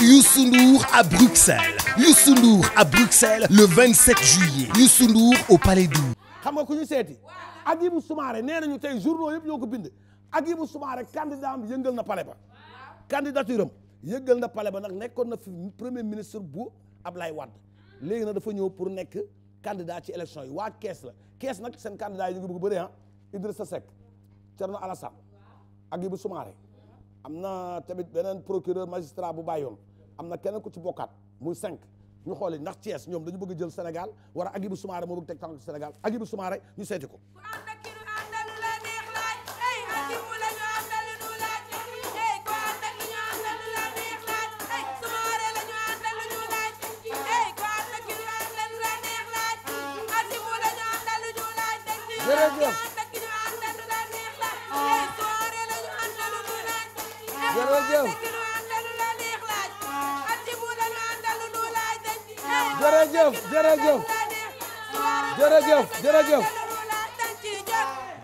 Youssou Ndour à Bruxelles Youssou Ndour à Bruxelles le 27 juillet Youssou Ndour au Palais du. xam nga ku ñu seeti Hadjibou Soumaré nee nañu tey journaux yëpp yoo ko bind Hadjibou Soumaré candidat am yëngal na pale ba candidature am na palais ba nag nekkoon na fi premier ministre bu Ablaye Wade léegi na dafa ñëw pour nekk candidat ci élection yi waa Kees la Kees nag seen candidat yi ñu ngi bëgg a bëri ah Idrissa Seck Thierno Alassane Hadjibou Soumaré am na tamit beneen procureur magistrat bu bàyyoon am na keneen ku ci bokkaat muy cinq ñu xooli ndax Thiès ñoom dañu bëgg a jël Sénégal war a Agibou Soumaré moo bëgg teg tànk Sénégal Agibou Soumaré ñu seeti ko jërëjëf Ah, jërëjëf jërëjëf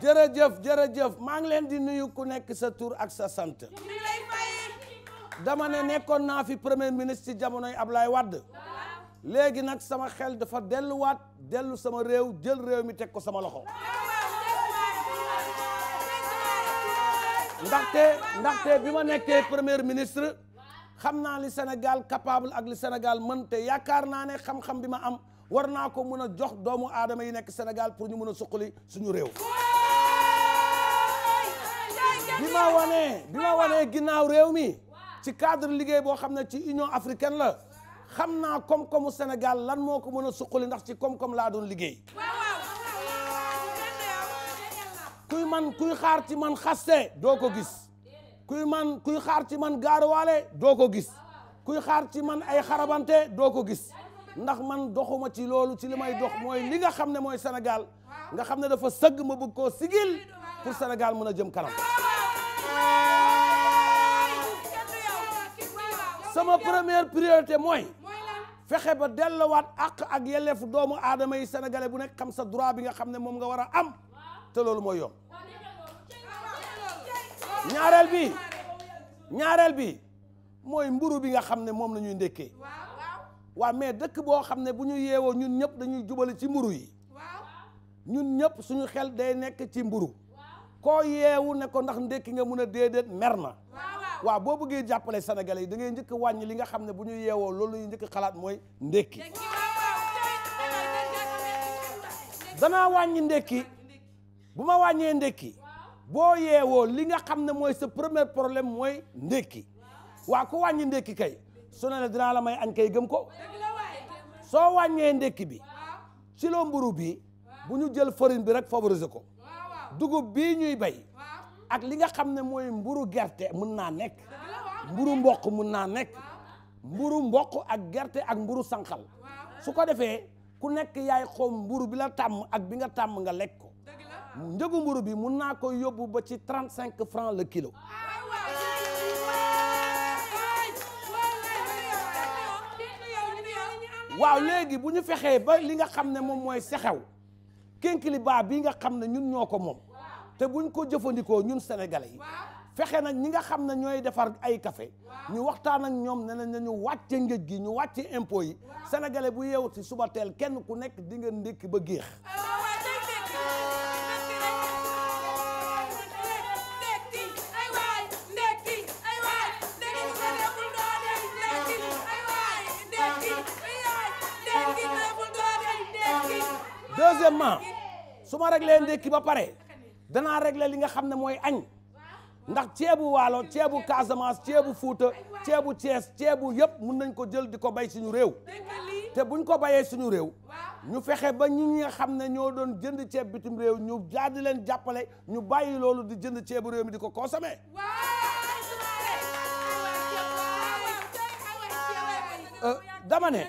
jërëjëf jërëjëf maa ngi leen di nuyu ku nekk sa tuur ak sa sant dama ne nekkoon naa fi premier ministre ci jamonoy Ablaye Wade léegi nag sama xel dafa delluwaat dellu sama réew jël réew mi teg ko sama loxo ndaxte ndaxte bi ma nekkee premier ministre xam naa li Sénégal capable ak li Sénégal man te yaakaar naa ne xam-xam bi ma am war naa ko mën a jox doomu aadama yi nekk Sénégal pour ñu mën a suqali suñu réew. bi ma wane bi ma wanee ginnaaw réew mi ci cadre liggéey boo xam ne ci Union africaine la xam naa koom-koomu Sénégal lan moo ko mën a suqali ndax ci koom-koom laa doon liggéey. kuy man kuy xaar ci man xaste doo ko gis kuy man kuy xaar ci man waale doo ko gis kuy xaar ci man ay xarabante doo ko gis ndax man doxuma ci loolu ci limay may dox mooy li nga xam ne mooy senegal nga xam ne dafa sëgg ma bëgg ko sigil pour Sénégal mën a jëm kanam sama première priorité mooy fexe ba delluwaat àq ak yelleefu doomu aadama yi sénégalais bu nekk kam sa droit bi nga xam ne moom nga war a am te loolu mooy yomb ñaareel bi ñaareel bi mooy mburu bi nga xam ne moom la ñuy ndekkee waaw mais dëkk boo xam ne bu ñu yeewoo ñun ñëpp dañuy jubale ci mburu yi ñun ñëpp suñu xel day nekk ci mburu koo yeewu ne ko ndax ndekki nga mun a déedéet mer na waaw boo bëggee jàppale Sénégalais yi da ngay njëkk wàññi li nga xam ne bu ñu yeewoo loolu ñuy njëkk xalaat mooy ndekki danaa wàññi ndekki bu ma wàññee ndekki boo yeewoo li nga xam ne mooy sa premier problème mooy ndekki waa ku wàññi ndekki kay su ne la dinaa la may añ kay gëm ko soo wàññee ndekki bi ci loo mburu bi bu ñu jël farine bi rek favoriser ko dugub bi ñuy bay ak li nga xam ne mooy mburu gerte mun naa nekk mburu mboq mun naa nekk mburu mboq ak gerte ak mburu sànqal su ko defee ku nekk yaay xoom mburu bi la tàmm ak bi nga tàmm nga lekk njëgu mburu bi mun naa ko yóbbu ba ci trente cinq francs la kilo waaw léegi bu ñu fexee ba li nga xam ne moom mooy sexew kinkiliba bi nga xam ne ñun ñoo ko moom te buñ ko jëfandikoo ñun sénégalais yi fexe nag ñi nga xam ne ñooy defar ay kafe ñu waxtaan ak ñoom ne nañ ñu wàcce njëj gi ñu wàcce impôt yi sénégalais bu yeewuti suba teel kenn ku nekk di nga ndékki ba géex deuxièmement su ma reglee ndékki ba pare danaa regle li nga xam ne mooy añ ndax ceebu waalo ceebu Casamance ceebu Fuuta ceebu Thiès ceebu yëpp mun nañ ko jël di ko bay suñu réew te buñ ko bayee suñu réew ñu fexe ba ñi nga xam ne ñoo doon jënd ceeb bitim réew ñu daal leen jàppale ñu bàyyi loolu di jënd ceebu réew mi di ko consommer euh, dama ne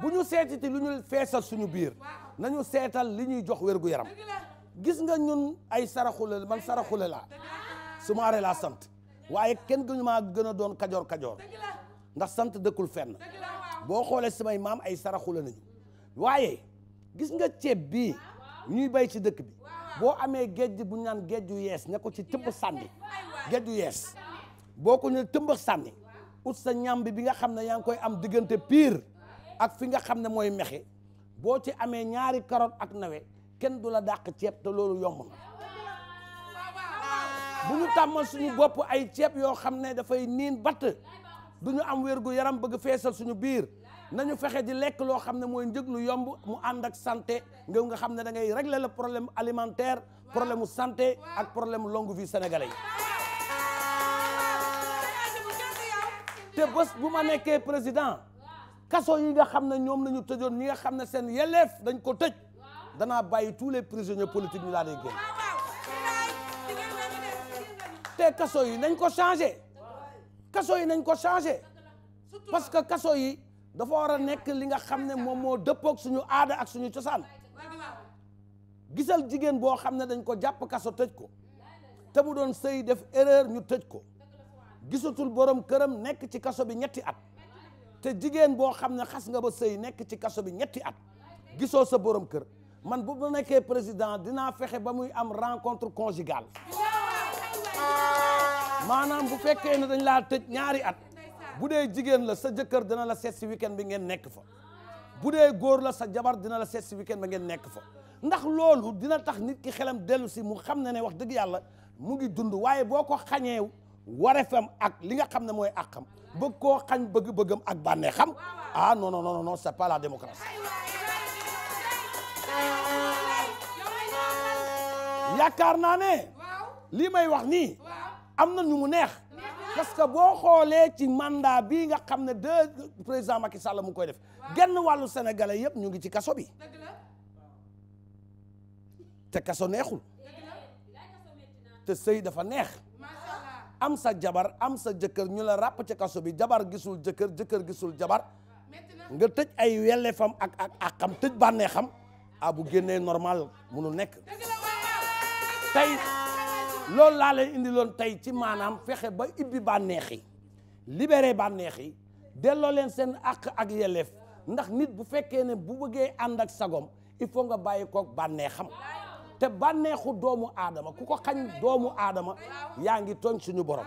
bu ñu seetiti lu ñu feesal suñu biir nañu seetal li ñuy jox wér gu yaram gis nga ñun ay saraxule man saraxule laa sumaare laa sant waaye kenn gënu maa gën a doon kajoor kajoor ndax sant dëkkul fenn boo xoolee samay maam ay saraxule nañu waaye gis nga ceeb bi ñuy bay ci dëkk bi boo amee géej bu ñaan géej yu yees ne ko ci tëmb sànni géej yees boo ko ne tëmb sànni ut sa ñam bi bi nga xam ne yaa ngi koy am diggante piir ak fi nga xam ne mooy mexe boo ci amee ñaari carotte ak nawe kenn du la dàq ceeb te loolu yomb na bu ñu tàmmal suñu bopp ay ceeb yoo xam ne dafay niin bat du ñu am wér yaram bëgg feesal suñu biir nañu fexe di lekk loo xam ne mooy njëg lu yomb mu ànd ak santé ngëw nga xam ne dangay ngay la le problème alimentaire problème mu santé ak problème longue vie sénégalais yi te bés bu ma nekkee président kaso yi nga xam ne ñoom la ñu tëjoon ñi nga xam ne seen yelleef dañ ko tëj danaa bàyyi tous les prisonniers politiques ñu laa dee génn te kaso yi nañ ko changé kaso yi nañ ko changé parce que kaso yi dafa war a nekk li nga xam ne moom moo dëppoog suñu aada ak suñu cosaan gisal jigéen boo xam ne dañ ko jàpp kaso tëj ko te mu doon sëy def erreur ñu tëj ko gisatul borom këram nekk ci kaso bi ñetti at te jigéen boo xam ne xas nga ba sey nekk ci kaso bi ñetti at gisoo sa borom kër man bu ma nekkee président dinaa fexe ba muy am rencontre conjugale maanaam bu fekkee ne dañ laa tëj ñaari at bu dee jigéen la sa jëkkër dina la seet si weekend bi ngeen nekk fa bu dee góor la sa jabar dina la seet si weekend ba ngeen nekk fa ndax loolu dina tax nit ki xelam dellu si mu xam ne ne wax dëgg yàlla mu ngi dund waaye boo ko xañeew warefam ak li nga xam ne mooy àqam bëgg koo xañ bëgg-bëggam ak bànneexam ah non non non non c'est pas la démocratie yaakaar naa ne lii may wax nii am na ñu mu neex parce que boo xoolee ci mandat bii nga xam ne deux président Macky Sall mu koy def genn wàllu sénégalais yëpp ñu ngi ci kaso bi te kaso neexul te sëy dafa neex am sa jabar am sa jëkkër ñu la ràpp ci kaso bi jabar gisul jëkkër jëkkër gisul jabar nga tëj ay wellefam ak ak ak xam tëj bànneexam xam ah, bu génnee normal munu nekk tey loolu laa leen tey ci maanaam fexe ba ibbi bànneex yi libéré bànneex yi delloo leen seen àq ak yelleef ndax nit bu fekkee ne bu bëggee ànd ak sagom il faut nga bàyyi koog bànneexam te bànneexu doomu aadama ku ko xañ doomu aadama yaa ngi tooñ suñu borom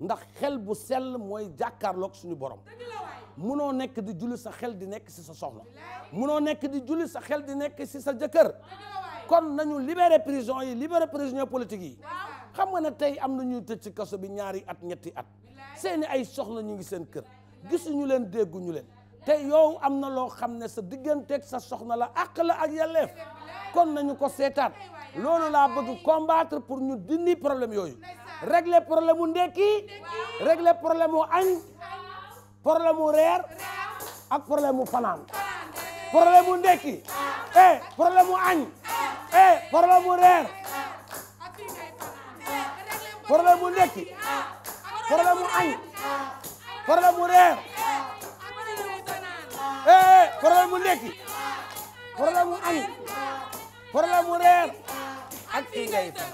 ndax xel bu sell mooy jàkkaarloog suñu borom munoo nekk di julli sa xel di nekk si sa soxna munoo nekk di julli sa xel di nekk si sa jëkkër kon nañu libéré prison yi libéré prisonnier politique yi xam nga ne tey am na ñuy tëj ci kaso bi ñaari at ñetti at seeni ay soxla ñu ngi seen kër gis gisuñu leen dégguñu leen te yow am na loo xam ne sa digganteeg sa soxna la àq la ak yelleef kon nañu ko seetaan loolu laa bëgg combattre pour ñu dindi problème yooyu régler problème mu ndekki régler problème mu añ problème mu reer ak problème mu fanaan problème mu ndekki problème mu añ problème mu reer problème mu ndekki problème mu añ problème mu reer